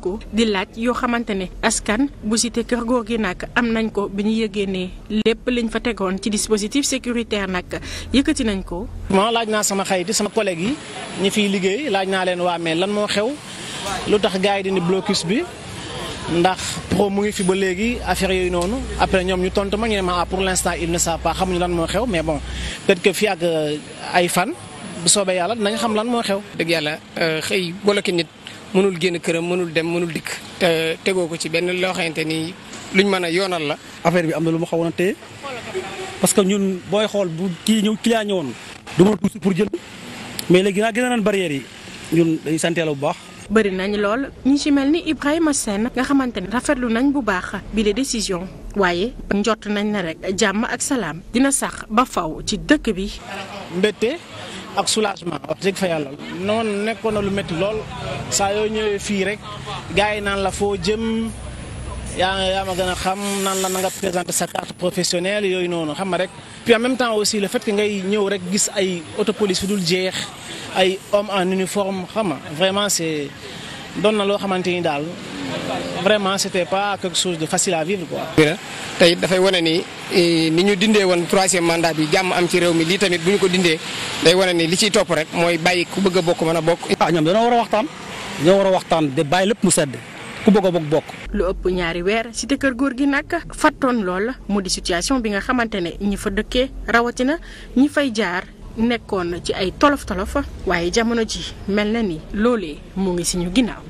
ko di laaj yoo xamante ne askan bu cité kër góor gi nag am nañ ko bi ñu yëgee ne lépp liñ fa tegoon ci dispositif sécuritaire nag yëkkati nañ ko. ma laaj naa sama xayti sama collègue yi ñu fiy liggéey laaj naa leen waa mais lan moo xew lu tax gars yi dindi blocus bi ndax pro mu ngi fi ba léegi affaire yooyu noonu après ñoom ñu tontu ma ñu ne ma ah pour l'instant il ne sait pas xamuñu lan moo xew mais bon peut-être que fii ak euh, ay fan bu soobee yàlla dinañ xam lan moo xew. dëgg yàlla euh, xëy mënul génn këram mënul dem mënul dikk te tegoo ko ci benn loo xamante ni ñu mën a yoonal la. affaire bi am na lu ma xaw a téye parce que ñun booy xool bu kii ñëw client ñëwoon. du ma si pour jël mais léegi naa gën a naan barrières yi ñun dañuy sant bu baax. bëri nañ lool ñu ci mel ni Ibrahima Sène nga xamante ne rafetlu nañ bu baax bi la décision waaye njot nañ na rek jàmm ak salaam dina sax ba faw ci dëkk bi. mbette ak soulagement wax dëgg fa yàlla noonu nekkoon na lu métti lool saa yoo ñëwee fii rek gaa yi naan la foo jëm yaa yaa ma gën a xam naan la na nga présenter sa carte professionnelle yooyu noonu xam nga rek. puis en même temps aussi le fait que ngay ñëw rek gis ay autopolice yu dul jeex ay hommes en uniforme xam vraiment c'est doon loo xamante daal. vraiment c'était pas quelque chose de facile à vivre quoi. te it dafay wane ni eh, ni ñu dindee woon troisième mandat bi jàmm am ci réew mi lii tamit bu ñu ko dindee day wane ni li ciy topp rek mooy bàyyi ku bëgg a bokk mën a bokk. ah ñoom dañoo war a waxtaan dañoo war a waxtaan de lépp mu sedd ku bëgg a bokk bokk. lu ëpp ñaari weer kër góor gi nag fattoon lool mu di situation bi nga xamante ne ñi fa dëkkee rawatina ñi fay jaar nekkoon ci ay tolof tolof waaye jamono ji mel na ni loolee mu ngi si ñu ginnaaw.